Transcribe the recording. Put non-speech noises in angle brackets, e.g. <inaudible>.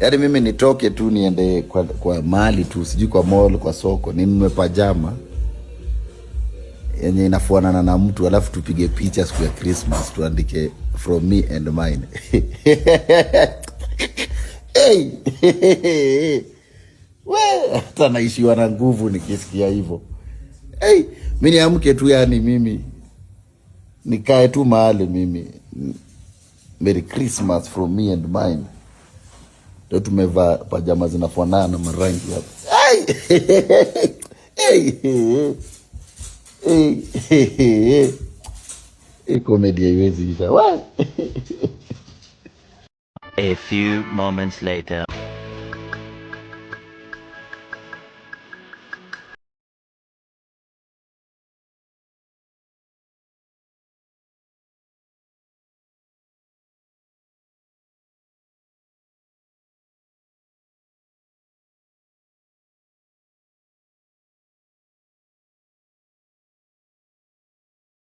Yaani mimi nitoke tu niende kwa, kwa mali tu sijui kwa mall kwa soko ninunue pajama yenye inafuanana na mtu alafu tupige picha siku ya Christmas tuandike from me and mine. <laughs> Hey, hey, <laughs> hey. We, hata naishiwa na nguvu nikisikia hivyo. Hey, mi niamke tu yani mimi nikae tu mahali mimi. Merry Christmas from me and mine. Ndio tumevaa pajama zinafanana na marangi hapa. Komedi <laughs> <laughs> haiwezi isha. <laughs> A few moments later.